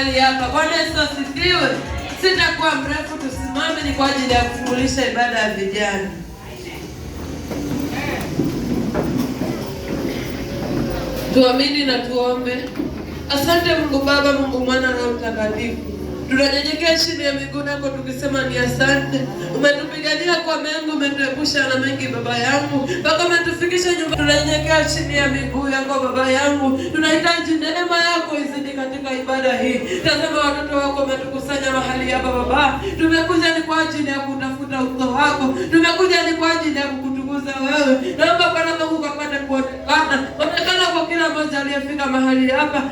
mahali hapa. Bwana Yesu asifiwe. Sitakuwa mrefu, tusimame ni kwa ajili ya kufungulisha ibada ya vijana. Tuamini na tuombe. Asante Mungu Baba, Mungu Mwana na Mtakatifu Tunanyenyekea chini ya miguu yako tukisema ni asante. Umetupigania kwa mengi, umetuepusha na mengi baba yangu, mpaka umetufikisha nyumba. Tunanyenyekea chini ya miguu yako baba yangu, tunahitaji neema yako izidi katika ibada hii. Tazama watoto wako umetukusanya mahali hapa Baba, tumekuja ni kwa ajili ya kutafuta uso wako, tumekuja ni kwa ajili ya kukutukuza wewe. Naomba Bwana Mungu kapate kuonekana, onekana kwa kila mmoja aliyefika mahali hapa.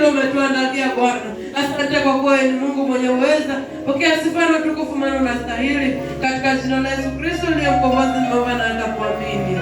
hilo umetuandalia Bwana. Asante kwa kuwa ni Mungu mwenye uweza. Pokea sifa na utukufu, maana unastahili, katika jina la Yesu Kristo uliye mkombozi, nimeomba naenda kuamini.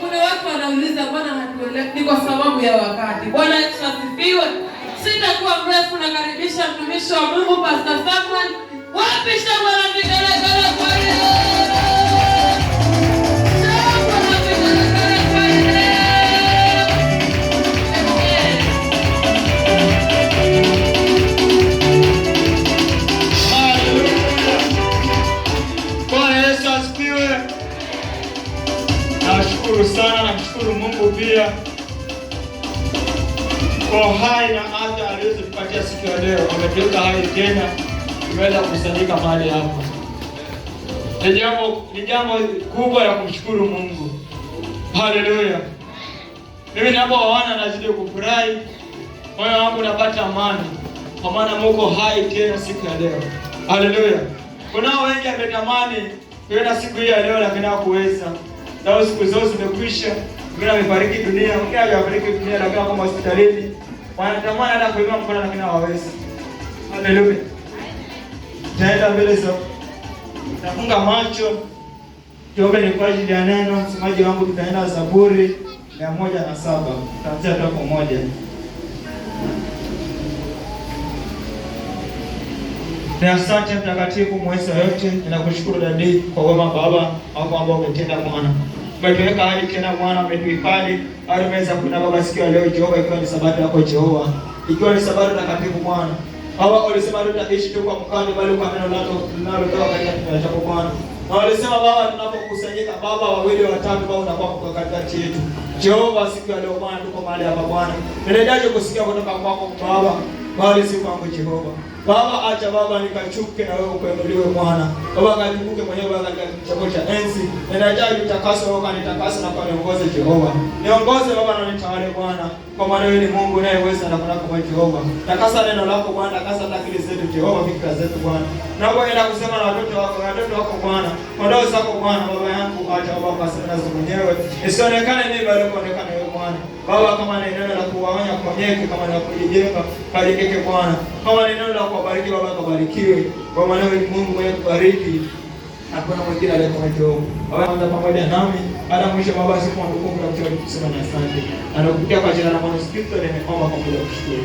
Kuna watu wanauliza, Bwana hatuelewi. Ni kwa sababu ya wakati. Bwana Yesu asifiwe. Sitakuwa mrefu, nakaribisha mtumishi wa Mungu Pastor Samuel. wapisha tunamshukuru Mungu pia kwa hai na afya alizotupatia siku ya leo. Ametoka hai tena, tumeweza kusanyika mahali hapa. Ni jambo ni jambo kubwa la kumshukuru Mungu. Haleluya! Mimi napowaona nazidi kufurahi, moyo wangu unapata amani, kwa maana muko hai tena siku ya leo. Haleluya! Kunao wengi ametamani kuenda siku hii ya leo, lakini hakuweza zao siku zao zimekwisha. Mwingine amefariki dunia, mwingine amefariki dunia na kama hospitalini, wanatamani hata kuinua mkono lakini hawawezi. Haleluya, taenda mbele za nafunga macho, tuombe ni kwa ajili ya neno. Msomaji wangu tutaenda Zaburi mia moja na saba tutaanzia toka moja. Ni asante Mtakatifu mwesa yote, ninakushukuru dadi kwa wema Baba hapo ambao umetenda mwana umetuweka hali tena mwana umetuhifadhi hali umeweza kuna Baba sikio leo Jehova, ikiwa ni sabato yako Jehova, ikiwa ni sabato takatifu mwana hawa walisema tutaishi tu kwa mkani bali kwa neno lako linalotoka katika kinywa chako Bwana. Na walisema Baba, tunapokusanyika Baba wawili watatu, Baba unakuwa kwa katikati yetu Jehova. Siku ya leo Bwana, tuko mahali hapa Bwana, ninajaje kusikia kutoka kwako Baba, bali si kwangu Jehova. Baba, acha Baba nikachuke na wewe ukuinuliwe mwana. Baba kanikumbuke mwenyewe Baba katika cha enzi. Ninahitaji utakaso wako, nitakaso kanitakase na kaniongoze Jehova. Niongoze Baba na nitawale Bwana kwa maana wewe ni Mungu unayeweza na kuna kwa Jehova. Takasa neno lako Bwana, takasa akili zetu Jehova, fikra zetu Bwana. Na kwa ila kusema na watoto wako, watoto wako Bwana. Kondoo zako Bwana, baba yangu acha baba sana zako mwenyewe. Isionekane mimi bali kuonekana wewe Bwana. Baba kama ni neno la kuwaonya kwa nyeke, kama ni kujijenga, barikike Bwana. Kama ni neno la kubariki baba, kubarikiwe. Kwa maana wewe ni Mungu mwenye kubariki. Hakuna mwingine aliyekuwa Jehova. Baba anza pamoja nami anamwisha Baba siku anakukumbu na kutoa kusema ni asante. Anakukutia kwa jina la Mwana Kristo na nimeomba kwa kuja kushukuru.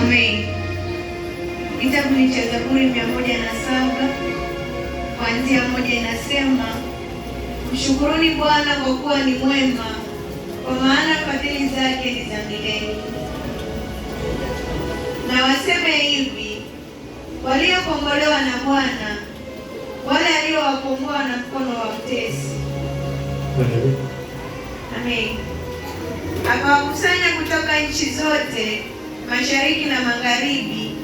Amen. Kitabu ni cha Zaburi mia moja na saba kuanzia moja inasema, mshukuruni Bwana kwa kuwa ni mwema kwa maana fadhili zake ni za milele. Na waseme hivi, waliokombolewa na Bwana, wale aliowakomboa na mkono wa mtesi. Amen. Akawakusanya kutoka nchi zote, mashariki na magharibi,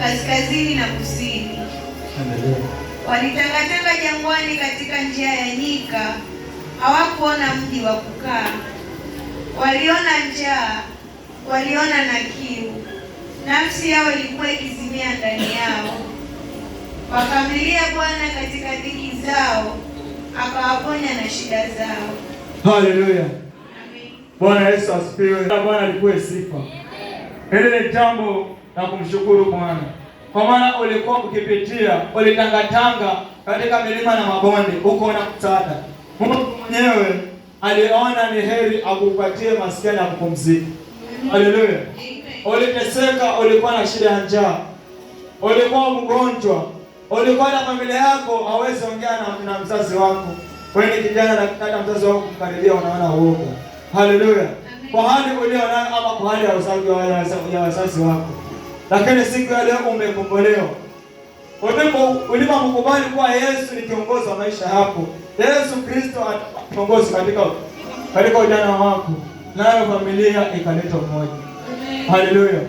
kaskazini na kusini. Walitangatanga jangwani katika njia ya nyika, hawakuona mji wa kukaa waliona njaa, waliona na kiu, nafsi yao ilikuwa ikizimia ndani yao. Wakamlilia Bwana katika dhiki zao, akawaponya na shida zao. Haleluya, Bwana Yesu asifiwe. Bwana alikuwe sifa. Hili ni jambo la kumshukuru Bwana kwa maana ulikuwa ukipitia, ulitangatanga katika milima na mabonde, huko na Mungu mwenyewe aliona ni heri akupatie maskani ya kupumzika. Haleluya! Uliteseka, ulikuwa na shida ya njaa, ulikuwa mgonjwa, ulikuwa na familia yako hawezi ongea na, na mzazi wako. Wewe ni kijana na kutaka mzazi wako kukaribia, unaona uoga. Haleluya! Kwa hali nayo ama kwa hali ya uzazi ya wazazi wako, lakini siku ya leo umekombolewa, ulipo ulipo kuwa Yesu ni kiongozi wa maisha yako Yesu Kristo atongozi katika katika ujana wako, nayo familia ikaleta umoja. Haleluya!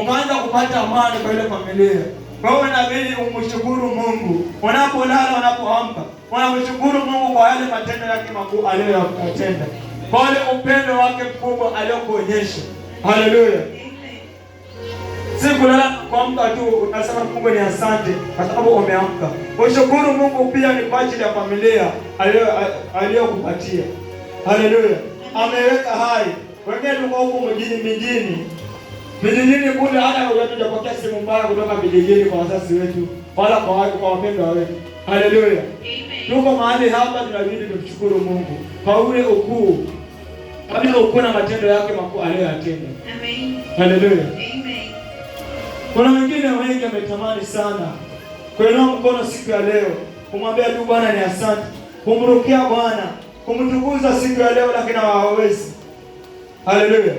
ukaanza kupata amani kwa ile familia. hiyo inabidi umshukuru Mungu unapolala, unapoamka, unamshukuru Mungu kwa yale matendo yake makuu aliyoyatenda, kwa ile upendo wake mkubwa aliyokuonyesha. Haleluya! siku Si kwa mtu tu unasema Mungu ni asante kwa sababu umeamka. Ushukuru Mungu pia ni kwa ajili ya familia aliyokupatia. Haleluya. Ameweka hai. Wengine tuko huko mjini mjini. Vijijini kule hata hatujapokea simu mbaya kutoka vijijini kwa wazazi wetu wala kwa watu kwa wapendwa wetu. Haleluya. Tuko mahali hapa tunabidi tumshukuru Mungu kwa ule ukuu. Kabla ukuu na matendo yake makuu aliyoyatenda. Amen. Haleluya. Kuna wengine wengi wametamani sana kuinua mkono siku ya leo kumwambia tu Bwana ni asante, kumrukia Bwana, kumtukuza siku ya leo, lakini hawawezi. Haleluya!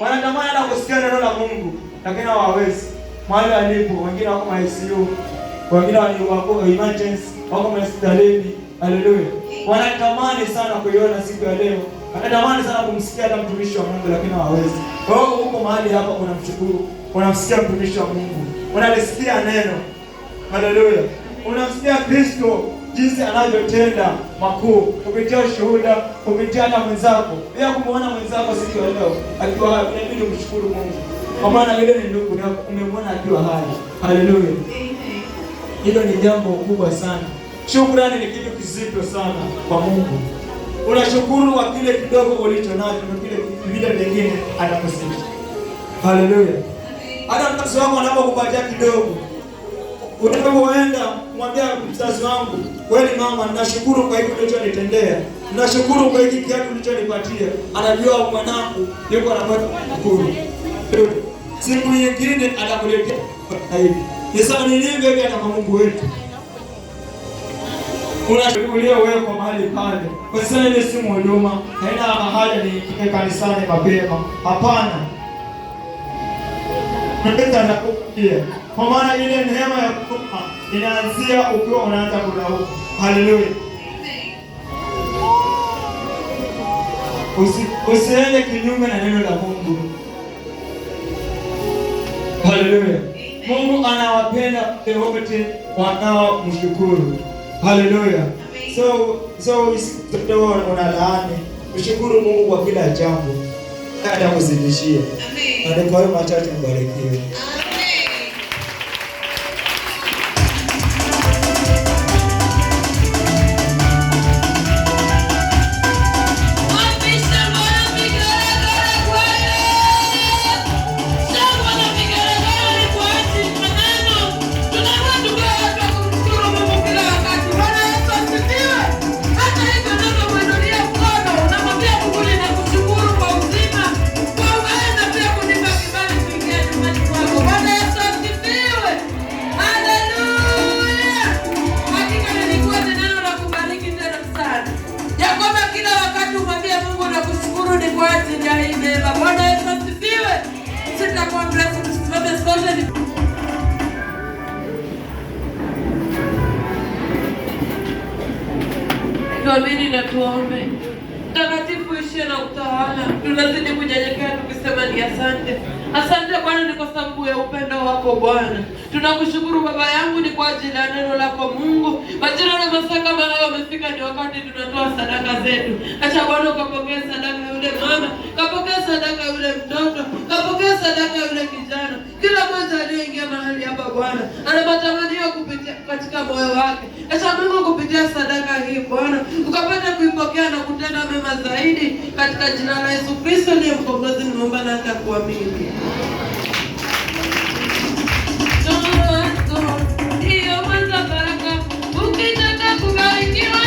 wanatamani na kusikia neno la Mungu lakini hawawezi. Mahali alipo wengine wako ICU, wengine wako emergency, wako hospitalini. Haleluya! wanatamani sana kuiona siku ya leo anatamani sana kumsikia na mtumishi wa Mungu lakini hawawezi. Kwa hiyo huko mahali hapa unamshukuru, unamsikia mtumishi wa Mungu, unalisikia neno. Haleluya, unamsikia Kristo jinsi anavyotenda makuu kupitia shuhuda, kupitia na mwenzako. Bila kumuona mwenzako siku ya leo akiwa hai, inabidi kumshukuru Mungu kwa maana yule ni ndugu yako, umemwona akiwa hai. Haleluya, hilo ni jambo kubwa sana. Shukrani ni kitu kizito sana kwa Mungu unashukuru kwa kile kidogo ulicho nacho na kile kingine pengine atakusita. Haleluya! hata mzazi wako anapokupatia kidogo, unapoenda mwambia mzazi wangu, kweli mama, nashukuru kwa hiki ulichonitendea, nashukuru kwa hiki kiatu ulichonipatia. Anajua mwanangu yuko anapata kukuru, Siku nyingine atakuletea hivi. Sasa ni nini hata kwa Mungu wetu kuna uliowekwa mahali pale, kwa sababu ile si huduma, haina mahali ni kike kanisani mapema. Hapana, na atakufikia kwa maana ile neema ya kutoka inaanzia ukiwa unaanza kudau. Haleluya! Usiende kinyume na neno la Mungu. Haleluya! Mungu anawapenda wote wanao wanaomshukuru. Haleluya. So so usitoe laani. Mshukuru Mungu kwa kila jambo. Atakuzidishia. Amen. Na kwa hiyo machache mbarikiwe. tuamini na tuombe. Mtakatifu, ishie na utawala, tunazidi kunyenyekea tukisema ni asante. Asante Bwana, ni kwa sababu ya upendo wako Bwana. Tunakushukuru Baba yangu, ni kwa ajili ya neno lako Mungu. Majira na masaa kama haya wamefika, ni wakati tunatoa sadaka zetu. Acha Bwana ukapokea sadaka yule mama, kapokea sadaka yule mtoto, kapokea sadaka yule kijana, kila mmoja aliyeingia mahali hapa Bwana ana matamanio kupitia katika moyo wake. Acha Mungu kupitia sadaka hii Bwana, ukapata kuipokea na kutenda mema zaidi, katika jina la Yesu Kristo ni mkombozi, nimeomba na nikakuamini. Ndio kwanza baraka, ukitaka kubarikiwa